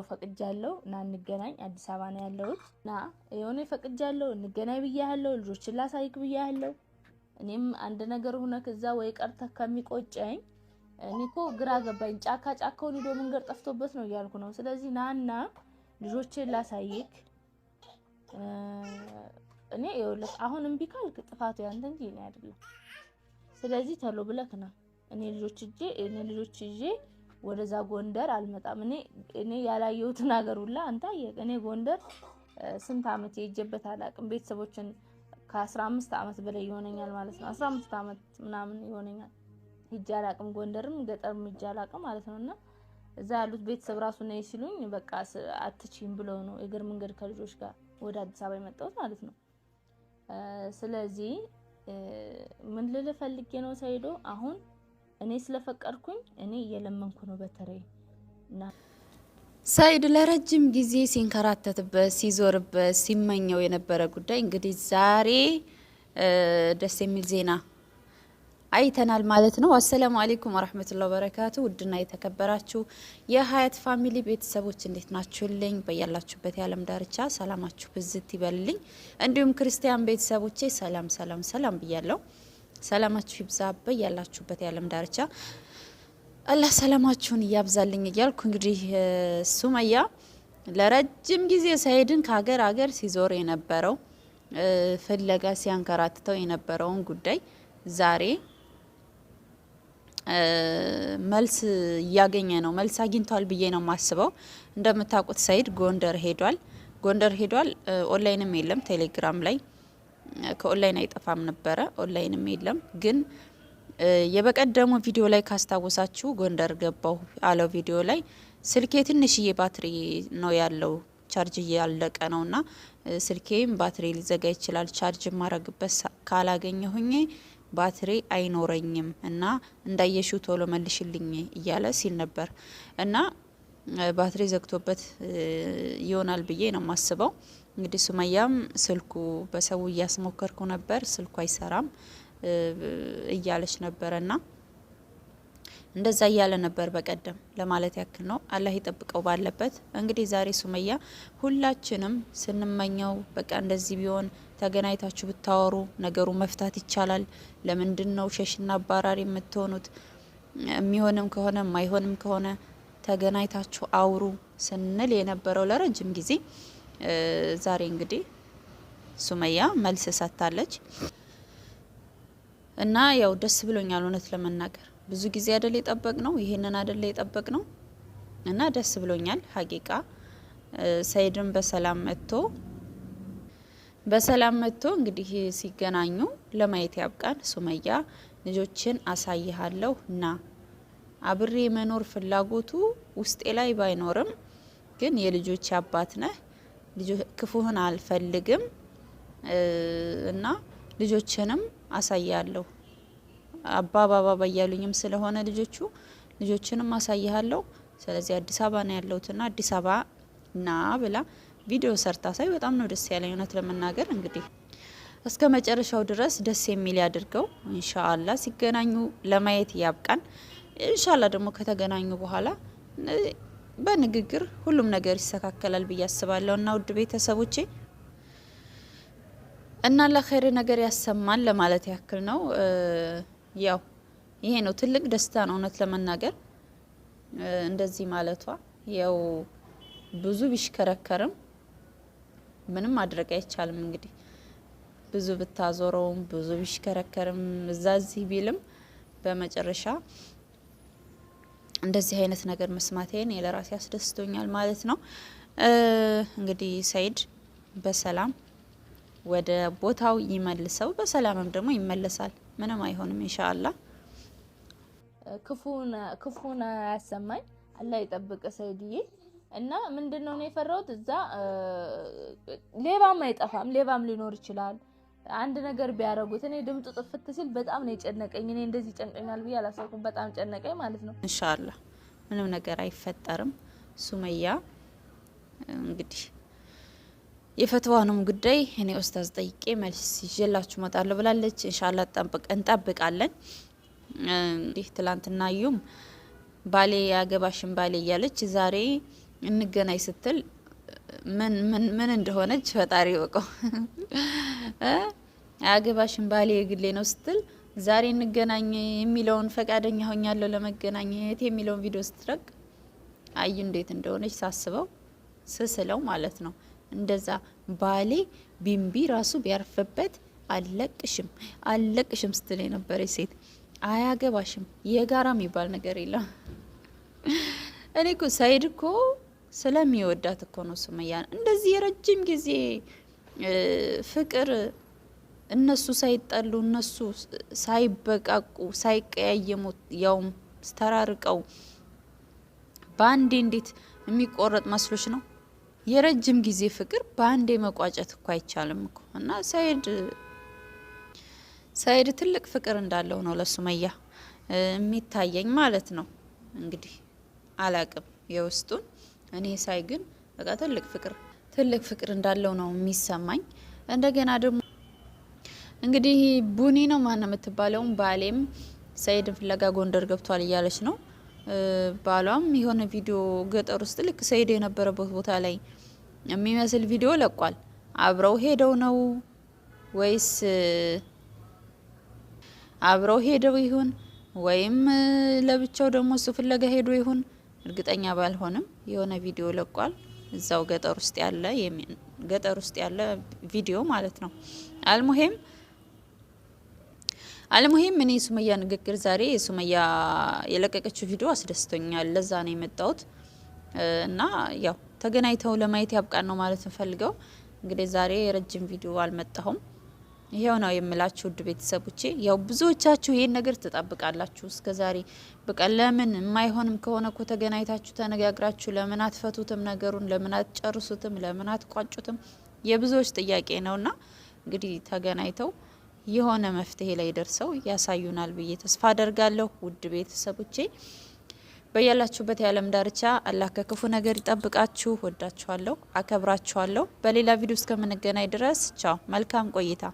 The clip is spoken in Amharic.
ይኸው ፈቅጃለሁ፣ ና እንገናኝ፣ አዲስ አበባ ነው ያለሁት፣ ና የሆነ ፈቅጃለሁ፣ እንገናኝ ብያለሁ፣ ልጆችን ላሳይክ ብያለሁ። እኔም አንድ ነገር ሆነ ከዛ ወይ ቀርተ ከሚቆጨኝ እኔ እኮ ግራ ገባኝ። ጫካ ጫካውን ሂዶ መንገድ ጠፍቶበት ነው እያልኩ ነው። ስለዚህ ናና ልጆችን ላሳይክ። እኔ ይኸውልህ አሁን እምቢ ካልክ ጥፋቱ ያንተ እንጂ እኔ አይደለም። ስለዚህ ተሎ ብለክ ና እኔ ልጆች እጄ እኔ ልጆች እጄ ወደዛ ጎንደር አልመጣም። እኔ እኔ ያላየሁትን ሀገር ሁላ አንተ እኔ ጎንደር ስንት አመት የሄጀበት አላቅም። ቤተሰቦችን ከ15 አመት በላይ ይሆነኛል ማለት ነው። 15 አመት ምናምን ይሆነኛል ሂጄ ጎንደርም ገጠርም ሂጄ ማለት ነውና እዛ ያሉት ቤተሰብ ራሱ ነይ ሲሉኝ በቃ አትችም ብለው ነው እግር መንገድ ከልጆች ጋር ወደ አዲስ አበባ የመጣሁት ማለት ነው። ስለዚህ ምን ልል ፈልጌ ነው ሰይዶ አሁን እኔ ስለፈቀድኩኝ እኔ እየለመንኩ ነው በተለይ እና ሰኢድ ለረጅም ጊዜ ሲንከራተትበት ሲዞርበት ሲመኘው የነበረ ጉዳይ እንግዲህ ዛሬ ደስ የሚል ዜና አይተናል ማለት ነው። አሰላሙ አሌይኩም ወረህመቱላ ወበረካቱ። ውድና የተከበራችሁ የሀያት ፋሚሊ ቤተሰቦች እንዴት ናችሁልኝ? በያላችሁበት የዓለም ዳርቻ ሰላማችሁ ብዝት ይበልልኝ። እንዲሁም ክርስቲያን ቤተሰቦቼ ሰላም ሰላም ሰላም ብያለሁ። ሰላማችሁ ይብዛ በያላችሁበት የዓለም ዳርቻ አላህ ሰላማችሁን እያብዛልኝ እያልኩ እንግዲህ ሱመያ ለረጅም ጊዜ ሰኢድን ከሀገር ሀገር ሲዞር የነበረው ፍለጋ ሲያንከራትተው የነበረውን ጉዳይ ዛሬ መልስ እያገኘ ነው። መልስ አግኝቷል ብዬ ነው የማስበው። እንደምታውቁት ሰኢድ ጎንደር ሄዷል። ጎንደር ሄዷል። ኦንላይንም የለም ቴሌግራም ላይ ከኦንላይን አይጠፋም ነበረ። ኦንላይንም የለም ግን የበቀደሙ ቪዲዮ ላይ ካስታወሳችሁ ጎንደር ገባሁ አለው ቪዲዮ ላይ ስልኬ ትንሽዬ ባትሪ ነው ያለው፣ ቻርጅ እያለቀ ነው እና ስልኬም ባትሪ ሊዘጋ ይችላል፣ ቻርጅ ማረግበት ካላገኘሁኝ ባትሪ አይኖረኝም እና እንዳየሹ ቶሎ መልሽልኝ እያለ ሲል ነበር እና ባትሪ ዘግቶበት ይሆናል ብዬ ነው የማስበው። እንግዲህ ሱመያም ስልኩ በሰው እያስሞከርኩ ነበር፣ ስልኩ አይሰራም እያለች ነበረና እንደዛ እያለ ነበር በቀደም ለማለት ያክል ነው። አላህ ይጠብቀው ባለበት። እንግዲህ ዛሬ ሱመያ ሁላችንም ስንመኘው በቃ እንደዚህ ቢሆን ተገናኝታችሁ ብታወሩ ነገሩ መፍታት ይቻላል። ለምንድን ነው ሸሽና አባራሪ የምትሆኑት? የሚሆንም ከሆነ የማይሆንም ከሆነ ተገናኝታችሁ አውሩ ስንል የነበረው ለረጅም ጊዜ ዛሬ እንግዲህ ሱመያ መልስ ሰጥታለች እና ያው ደስ ብሎኛል። እውነት ለመናገር ብዙ ጊዜ አደል የጠበቅ ነው ይሄንን አደል የጠበቅ ነው እና ደስ ብሎኛል ሀቂቃ ሰይድን በሰላም መጥቶ በሰላም መጥቶ እንግዲህ ሲገናኙ ለማየት ያብቃን። ሱመያ ልጆችን አሳይሃለሁ እና አብሬ የመኖር ፍላጎቱ ውስጤ ላይ ባይኖርም ግን የልጆች አባት ነህ ክፉህን አልፈልግም እና ልጆችንም አሳያለሁ አባ ባባ እያሉኝም ስለሆነ ልጆቹ ልጆችንም አሳይሃለሁ። ስለዚህ አዲስ አበባ ነው ያለሁትና አዲስ አበባ ና ብላ ቪዲዮ ሰርታ ሳይ በጣም ነው ደስ ያለኝ። እውነት ለመናገር እንግዲህ እስከ መጨረሻው ድረስ ደስ የሚል ያድርገው። እንሻላ ሲገናኙ ለማየት ያብቃን። እንሻላ ደግሞ ከተገናኙ በኋላ በንግግር ሁሉም ነገር ይስተካከላል ብዬ አስባለሁ። እና ውድ ቤተሰቦቼ እና ለኸይር ነገር ያሰማል ለማለት ያክል ነው። ያው ይሄ ነው ትልቅ ደስታ ነው እውነት ለመናገር እንደዚህ ማለቷ። ያው ብዙ ቢሽከረከርም ምንም ማድረግ አይቻልም። እንግዲህ ብዙ ብታዞረውም ብዙ ቢሽከረከርም እዛ እዚህ ቢልም በመጨረሻ እንደዚህ አይነት ነገር መስማቴን ለራሴ ያስደስቶኛል ማለት ነው። እንግዲህ ሰይድ በሰላም ወደ ቦታው ይመልሰው፣ በሰላምም ደግሞ ይመለሳል። ምንም አይሆንም ኢንሻአላ። ክፉን አያሰማኝ አላህ ይጠብቅ ሰይድዬ። እና ምንድነው ነው ነው የፈራሁት እዛ ሌባም አይጠፋም፣ ሌባም ሊኖር ይችላል አንድ ነገር ቢያደርጉት እኔ ድምጡ ጥፍት ሲል በጣም ነው የጨነቀኝ። እኔ እንደዚህ ጨንቀኛል ብዬ አላሰብኩም። በጣም ጨነቀኝ ማለት ነው። እንሻላ ምንም ነገር አይፈጠርም። ሱመያ እንግዲህ የፈትዋንም ጉዳይ እኔ ኡስታዝ ጠይቄ መልስ ይዤላችሁ እመጣለሁ ብላለች። እንሻላ እንጠብቃለን። እንዲህ ትላንትና ዩም ባሌ ያገባሽን ባሌ እያለች ዛሬ እንገናኝ ስትል ምን ምን ምን እንደሆነች ፈጣሪ ወቀው። አገባሽን ባሌ የግሌ ነው ስትል ዛሬ እንገናኝ የሚለውን ፈቃደኛ ሆኛለሁ ለመገናኘት የሚለውን ቪዲዮ ስትረቅ አዩ እንዴት እንደሆነች ሳስበው ስስለው ማለት ነው። እንደዛ ባሌ ቢምቢ ራሱ ቢያርፍበት አለቅሽም አለቅሽም ስትል የነበረች ሴት አያገባሽም የጋራ የሚባል ነገር የለም። እኔ እኮ ሳይድ እኮ ስለሚወዳት እኮ ነው ሱመያን። እንደዚህ የረጅም ጊዜ ፍቅር እነሱ ሳይጠሉ እነሱ ሳይበቃቁ ሳይቀያየሙ ያውም ስተራርቀው በአንዴ እንዴት የሚቆረጥ መስሎች ነው? የረጅም ጊዜ ፍቅር በአንዴ መቋጨት እኮ አይቻልም እኮ እና ሰይድ ሰይድ ትልቅ ፍቅር እንዳለው ነው ለሱመያ የሚታየኝ ማለት ነው። እንግዲህ አላቅም የውስጡን እኔ ሳይ ግን በቃ ትልቅ ፍቅር ትልቅ ፍቅር እንዳለው ነው የሚሰማኝ። እንደገና ደግሞ እንግዲህ ቡኒ ነው ማን የምትባለውም ባሌም ሰይድን ፍለጋ ጎንደር ገብቷል እያለች ነው። ባሏም የሆነ ቪዲዮ ገጠር ውስጥ ልክ ሰይድ የነበረበት ቦታ ላይ የሚመስል ቪዲዮ ለቋል። አብረው ሄደው ነው ወይስ አብረው ሄደው ይሁን ወይም ለብቻው ደግሞ እሱ ፍለጋ ሄዶ ይሁን እርግጠኛ ባልሆንም የሆነ ቪዲዮ ለቋል። እዛው ገጠር ውስጥ ያለ ገጠር ውስጥ ያለ ቪዲዮ ማለት ነው። አልሙሄም አልሙሄም እኔ የሱመያ ንግግር ዛሬ የሱመያ የለቀቀችው ቪዲዮ አስደስቶኛል። ለዛ ነው የመጣሁት እና ያው ተገናኝተው ለማየት ያብቃን ነው ማለት እንፈልገው። እንግዲህ ዛሬ የረጅም ቪዲዮ አልመጣሁም። ይሄው ነው የምላችሁ ውድ ቤተሰቦቼ። ያው ብዙዎቻችሁ ይሄን ነገር ትጠብቃላችሁ እስከ ዛሬ በቃ ለምን የማይሆንም ከሆነ እኮ ተገናኝታችሁ ተነጋግራችሁ ለምን አትፈቱትም? ነገሩን ለምን አትጨርሱትም? ለምን አትቋጩትም? የብዙዎች ጥያቄ ነውና እንግዲህ ተገናኝተው የሆነ መፍትሄ ላይ ደርሰው ያሳዩናል ብዬ ተስፋ አደርጋለሁ። ውድ ቤተሰቦቼ በያላችሁበት የዓለም ዳርቻ አላህ ከክፉ ነገር ይጠብቃችሁ። ወዳችኋለሁ፣ አከብራችኋለሁ። በሌላ ቪዲዮ እስከምንገናኝ ድረስ ቻው። መልካም ቆይታ